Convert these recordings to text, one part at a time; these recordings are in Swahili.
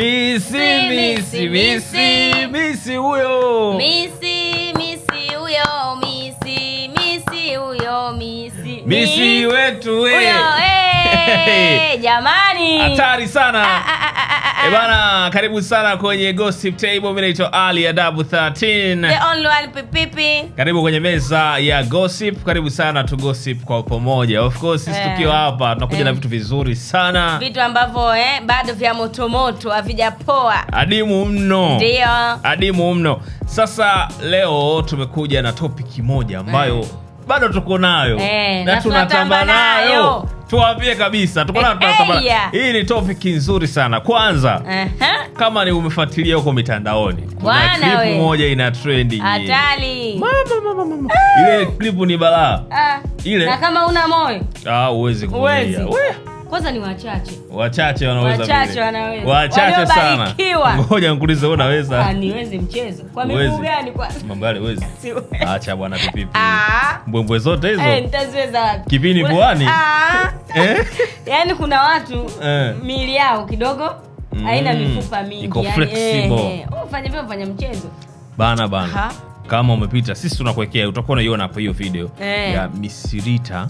Misi misi misi misi huyo. Misi misi huyo misi misi huyo misi. Misi wetu we. Uyo, wewe. Jamani. Hatari sana. ah, ah. Ebana, eh, eh. bana, karibu sana kwenye Gossip Table. Mimi naitwa Ali Adabu 13. The only one pipipi. Karibu kwenye meza ya gossip. Karibu sana tu gossip kwa pamoja. Of course sisi yeah, tukiwa hapa tunakuja yeah, na eh. vitu vizuri sana. Vitu ambavyo eh bado vya moto moto havijapoa. Adimu mno. Ndio. Adimu mno. Sasa leo tumekuja na topic moja ambayo yeah, bado tuko nayo yeah, na tunatamba nayo tuambie kabisa eh, hii ni topic nzuri sana kwanza. uh -huh. Kama ni umefuatilia huko mitandaoni, kuna clip moja ina trendi hatari. Mama, mama, mama. Ile clip ni balaa. Ah. Ile. Na kama una moyo. Ah, uwezi kulia. Kwanza ni wachache, wachache wanaweza, wachache wanaweza, wachache sana. Ngoja nikuulize, wewe unaweza? Ah, niweze mchezo kwa miguu gani? Kwa mambo yale huwezi. Acha bwana, pipipi ah. mbwembwe zote hizo eh, nitaziweza wapi? Kipini puani ah. eh, yani kuna watu eh. mili yao kidogo haina mm. mifupa mingi, yani ufanye eh, vipi? ufanye mchezo bana bana kama umepita, sisi tunakuekea utakuwa unaiona hapo hiyo video hey, eh. ya Misirita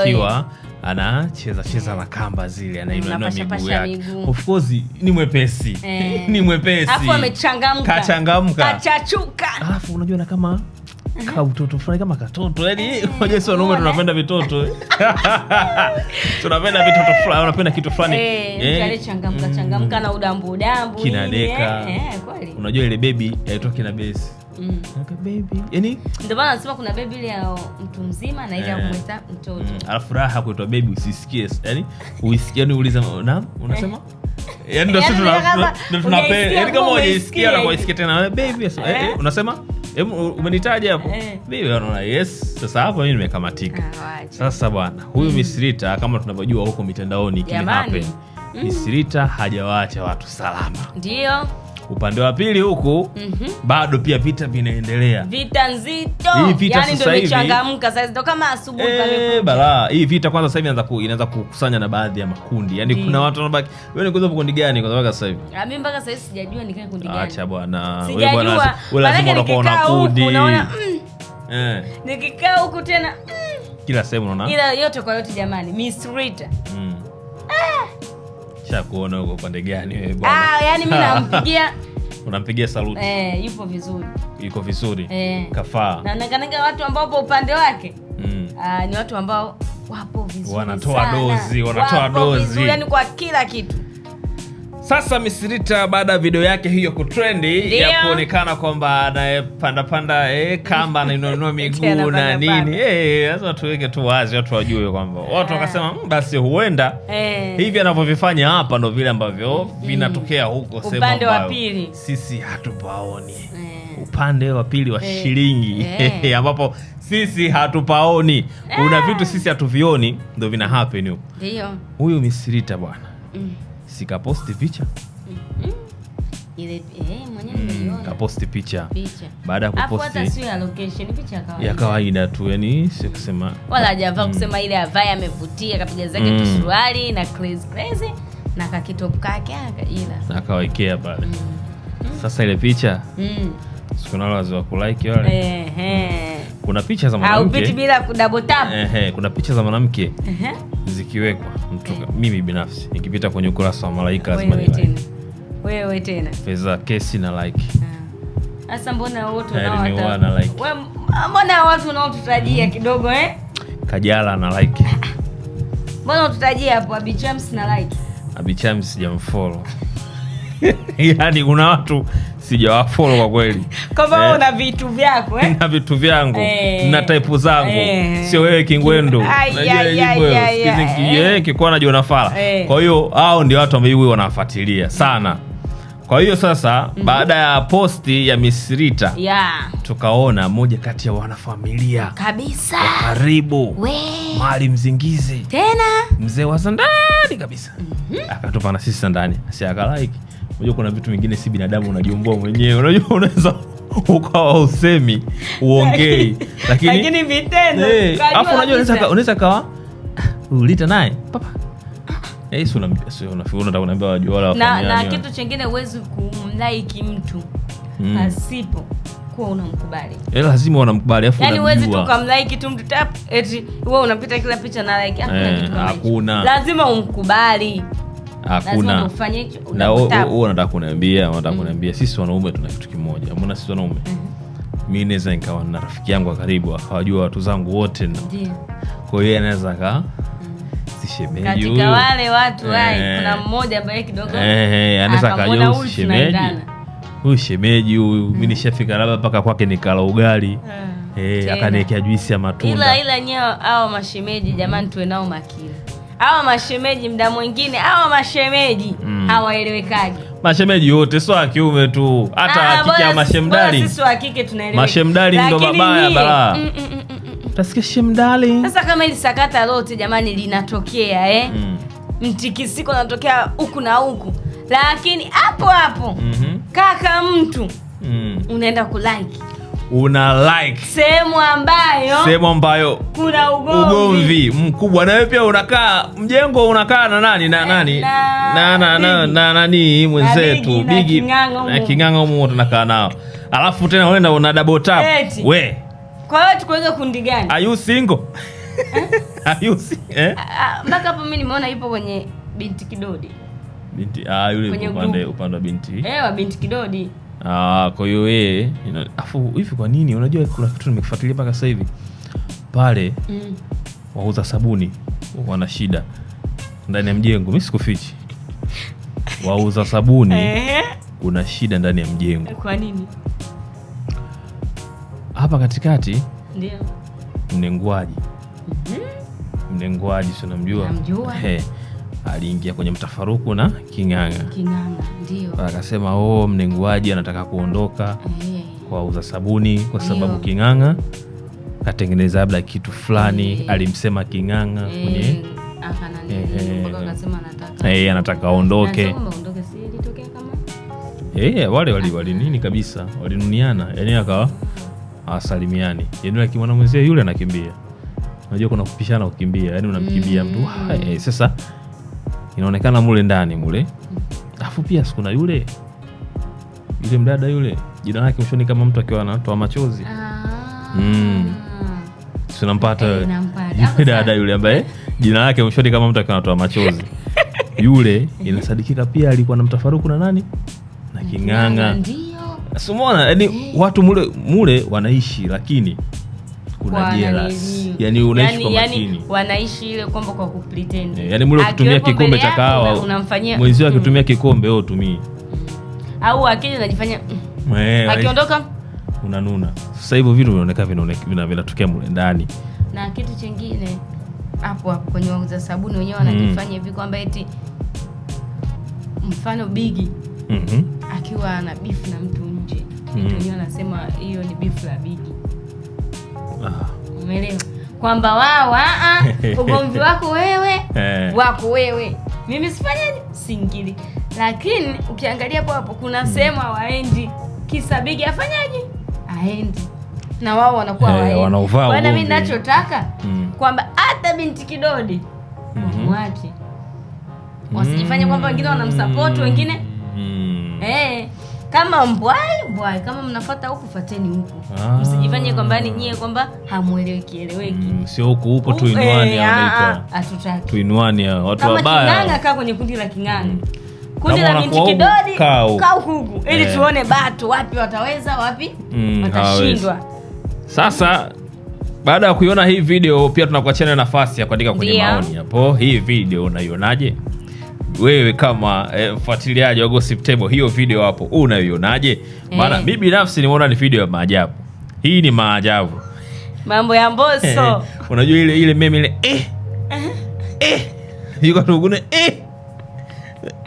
akiwa anacheza cheza na kamba zile, anainua miguu yake. Of course ni mwepesi hey, eh. ni mwepesi afu amechangamka, kachangamka, kachachuka, alafu unajua na kama eh. kautoto fulani kama katoto, yani unajua sisi wanaume tunapenda vitoto, tunapenda vitoto fulani, unapenda kitu fulani eh, changamka mm. changamka na udambu udambu kinadeka. Unajua ile bebi aitoke na besi mm. Yaani? ndio maana nasema kuna ile ya mtu mzima na ile ya eh. mtoto mm. Alafu raha kuitwa usisikie, yani uisikie, yaani uliza unasema eh. yani ndio sisi yaani tunapenda yani kama unajisikia na kuisikia tena eh, unasema umenitaja hapo yes. Sasa hapo nimekamatika. Ah, Sasa bwana huyu mm. Misrita kama tunavyojua huko mitandaoni kile mm. Misrita hajawaacha watu salama, ndio upande wa pili huku mm -hmm. bado pia vita vinaendelea, vita nzito. Hii vita yani sasa hivi changamka sasa ndo kama asubuhi ee, bala hii vita kwanza sasa hivi inaanza ku, inaanza kukusanya na baadhi ya makundi yani kuna watu wanabaki, wewe ni kundi gani kwanza mpaka sasa hivi? ah Mimi mpaka sasa hivi sijajua ni kundi gani. Acha bwana wewe bwana, wewe lazima unakuwa na kundi, unaona mm. eh, nikikaa huku tena mm. kila sehemu unaona, ila yote kwa yote, jamani, Miss Rita mm. ah kuona huko pande gani wewe bwana? Ah, yani mimi nampigia unampigia saluti eh, yupo vizuri, yuko vizuri eh, kafaa na watu ambao po upande wake mm. Ah, ni watu ambao wapo vizuri, wanatoa dozi, wanatoa dozi yani kwa kila kitu sasa Misirita baada ya video yake hiyo kutrendi ya kuonekana kwamba anapandapanda eh, kamba anainunua miguu na nini eh, sasa, tuweke tu wazi watu wajue kwamba watu eh. wakasema hmm, basi huenda e, hivi anavyovifanya hapa ndo vile ambavyo mm. vinatokea huko wa pili, sisi hatupaoni upande wa pili wa e, shilingi ambapo sisi hatupaoni kuna una vitu sisi hatuvioni ndo vina happen huko. Huyu Misirita bwana mm sikaposti picha mm-hmm. eh, mm, kaposti picha, Baada ya kuposti ya kawaida tu yani si kusema wala ajavaa mm. kusema ile avae amevutia kapiga zake mm. tusuruali na crazy crazy na kakitop kake ila akawekea pale mm. mm. sasa ile picha mm. sikunalo waziwa kulike wale eh, eh kuna picha za mwanamke bila double tap. Ehe, kuna picha za mwanamke zikiwekwa mtu, eh. mimi binafsi nikipita kwenye ukurasa wa Malaika lazima ni like. Wewe tena Feza kesi na like. Ah. Sasa mbona watu wote na like? Wewe mbona watu unaotutajia kidogo eh? Kajala na like. Mbona ututajia hapo Abi Chams na like? Abi Chams sijamfollow. Yaani kuna watu sijawafolo kwa kweli. kwamba wewe eh? una vitu vyako eh? Na vitu vyangu eh, na type zangu eh, sio wewe kingwendo. Yeye eh, kikuwa anajua nafala eh. Kwa hiyo hao ndio watu ambao wanafuatilia sana kwa hiyo sasa mm -hmm. Baada ya posti ya Misrita yeah. Tukaona moja kati ya wanafamilia kabisa karibu Mali Mzingizi tena mzee wa sandani kabisa mm -hmm. Akatupa na sisi sandani asiakalaiki Unajua kuna vitu vingine si binadamu unajiumbua mwenyewe. Unajua unaweza ukawa usemi uongei, lakini eh, unajua unaweza kawa ulita uh, naye papa eh, na, kitu chengine huwezi kumlaiki mtu mm. asipo kuwa unamkubali, eh, lazima unamkubali. Yani huwezi tu kamlaiki tu mtu tap eti wewe unapita kila picha na hakuna, lazima umkubali hakuna na huo unataka kuniambia unataka mm. kuniambia sisi wanaume tuna kitu kimoja mbona sisi wanaume mm mi naweza nikawa na rafiki yangu wa karibu akawajua watu zangu wote kwa hiyo anaweza akaa mm. sishemeji eh. huyu shemeji huyu mi mm. nishafika labda mpaka kwake nikala ugali eh. Eh, akaniekea juisi ya matunda nyewe awa mashemeji jamani tuwe nao makini awa mashemeji mda mwingine awa mashemeji mm. hawaelewekaji. Mashemeji wote sio akiume tu, hata ah, kike mashemdali. Sisi wa kike Mashemdali ndo baba balaa. Mm, mm, mm, Utasikia shemdali. Sasa kama hili sakata lote jamani linatokea eh? Mm. Mtikisiko natokea huku na huku, lakini hapo hapo mm -hmm. kaka mtu mm. unaenda kulike una like sehemu ambayo sehemu ambayo kuna ugomvi mkubwa, na wewe pia unakaa mjengo, unakaa na nani na nani na na na na nani mwenzetu bigi na king'anga humo tunakaa nao, alafu tena unaenda una double tap we. Kwa hiyo tuko kundi gani? Are you single? Eh? Are you single? Eh, ah, ah, mpaka hapo mimi nimeona ipo kwenye binti kidodi, binti ah, yule upande upande wa binti eh, wa binti kidodi kwahiyo kwa hiyo yeye afu hivi, kwa nini unajua, kuna kitu nimekifuatilia mpaka sasa hivi pale mm. wauza sabuni wana shida ndani ya mjengo, mi sikufichi, wauza sabuni kuna shida ndani ya mjengo. Kwa nini? Hapa katikati ndio mnengwaji, mhm. mnengwaji, sinamjua aliingia kwenye mtafaruku na King'ang'a. King'ang'a ndio akasema, oh, mnenguaji anataka kuondoka hey, kwa uza sabuni kwa sababu King'ang'a katengeneza labda kitu fulani hey, alimsema King'ang'a hey, kwenye hey, anataka aondoke hey, wale wali, wali nini kabisa walinuniana, yani akawa asalimiani, yani akimwona mwenzie yule anakimbia. Unajua kuna kupishana kukimbia, yani unamkimbia mtu mm. Eh, sasa inaonekana mule ndani mule. Alafu pia sikuna yule yule mdada yule, jina lake mshoni kama mtu akiwa anatoa machozi ah. mm. Tunampata eh, yule dada yule ambaye jina lake mshoni kama mtu akiwa anatoa machozi yule, inasadikika pia alikuwa na mtafaruku na nani na King'ang'a, simona Yani eh. watu mule mule wanaishi lakini kuna Yani unaishi kwa makini. Wanaishi ile kwamba kwa kupretend. Eh, yani mule kikombe cha kahawa unamfanyia mwenzio mm. akitumia kikombe wewe utumii. Au anajifanya mm. eh, akiondoka unanuna. Sasa hivyo vitu vinaonekana vinatokea mule ndani. Na kitu chingine hapo hapo kwenye wauza sabuni wenyewe mm. wanajifanya hivi kwamba eti mfano Bigi mm -hmm. akiwa ana beef na mtu nje mm -hmm. wenyewe anasema hiyo ni beef la Bigi Umeelewa? Kwamba wao ah, ah, ugomvi wako wewe eh. wako wewe, mimi sifanyaje, singili. Lakini ukiangalia hapo hapo kuna hmm. sehemu hawaendi, kisa bigi afanyaje, aendi na wao wanakuwa eh, hawaendi. Bwana, mimi ninachotaka hmm. kwamba hata binti kidodi hmm. wake wasijifanye kwamba wengine wanamsapoti wengine eh kama mbwai mbwai, kama mnafuata huku fateni huku, ah. msijifanye kwamba ni nyie kwamba hamueleweki kieleweki Mm, sio huku huko tuinwani, eh, ah, ah, hatutaki tuinwani. Hao watu wabaya. King'anga kaa kwenye kundi la King'anga mm. kundi la binti kidodi kaa huku ili yeah. tuone batu wapi wataweza wapi mm, watashindwa. Sasa baada ya kuiona hii video, pia tunakuachana nafasi ya kuandika kwenye maoni hapo. Hii video unaionaje? wewe kama eh, mfuatiliaji wa Gossip Table, hiyo video hapo unaionaje? Eh. Maana mimi binafsi nimeona ni video ya maajabu. Hii ni maajabu, mambo ya mboso Mbosso. Eh, unajua ile ile meme ile eh eh, eh. yuko tugune eh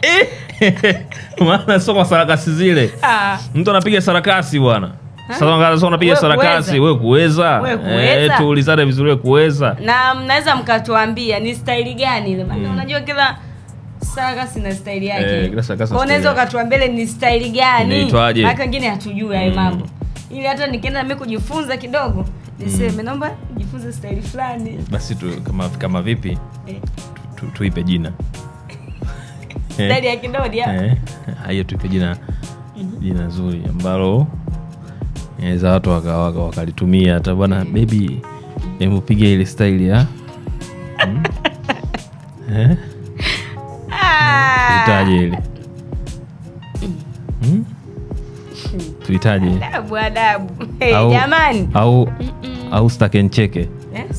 eh maana sio kwa sarakasi zile. Ah. Mtu anapiga sarakasi bwana sasa unapiga sarakasi wewe kuweza, eh, tuulizane vizuri, kuweza. Na mnaweza mkatuambia ni staili gani ile maana, hmm. unajua kila Sarakasi sina staili yake. Eh, unaweza ukatua mbele ni staili gani? Hata wengine hatujui hayo mm. mambo. Ili hata nikienda mimi kujifunza kidogo niseme mm. naomba nijifunze staili fulani. Basi tu kama kama vipi? Eh. Tu, tuipe jina. Staili ya kidodi Eh. Hayo tuipe jina. Mhm. Jina zuri ambalo inaweza watu wakawaga wakalitumia hata bwana eh. baby, hebu piga ile staili ya. Hmm? Eh? tulitaje ile hmm? hmm? au, stakencheke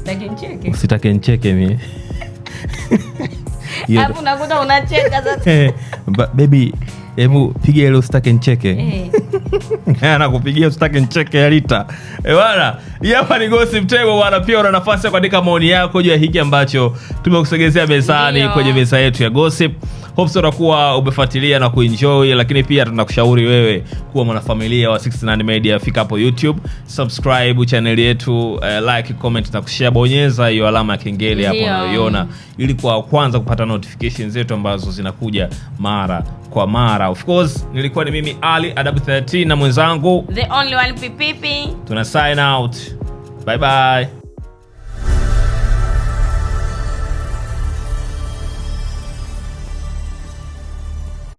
yeah, sitakencheke mie eh, hebu piga ile stakencheke eh. anakupigia usitake ncheke ya lita e eh, bana. Hapa ni Gossip Table bana, pia una nafasi ya kuandika maoni yako juu ya hiki ambacho tumekusogezea mezani kwenye meza yetu ya Gossip. Hopes utakuwa umefuatilia na kuenjoy, lakini pia tunakushauri wewe kuwa mwanafamilia wa 69 Media. Fika hapo YouTube, subscribe channel yetu, uh, like, comment na kushare. Bonyeza hiyo alama ya kengele hapo unayoiona, ili kwa kwanza kupata notifications zetu ambazo zinakuja mara kwa mara. Of course, nilikuwa ni mimi Ali Adabu 13 na mwenzangu The Only One Pipipi. Tuna sign out. Bye bye.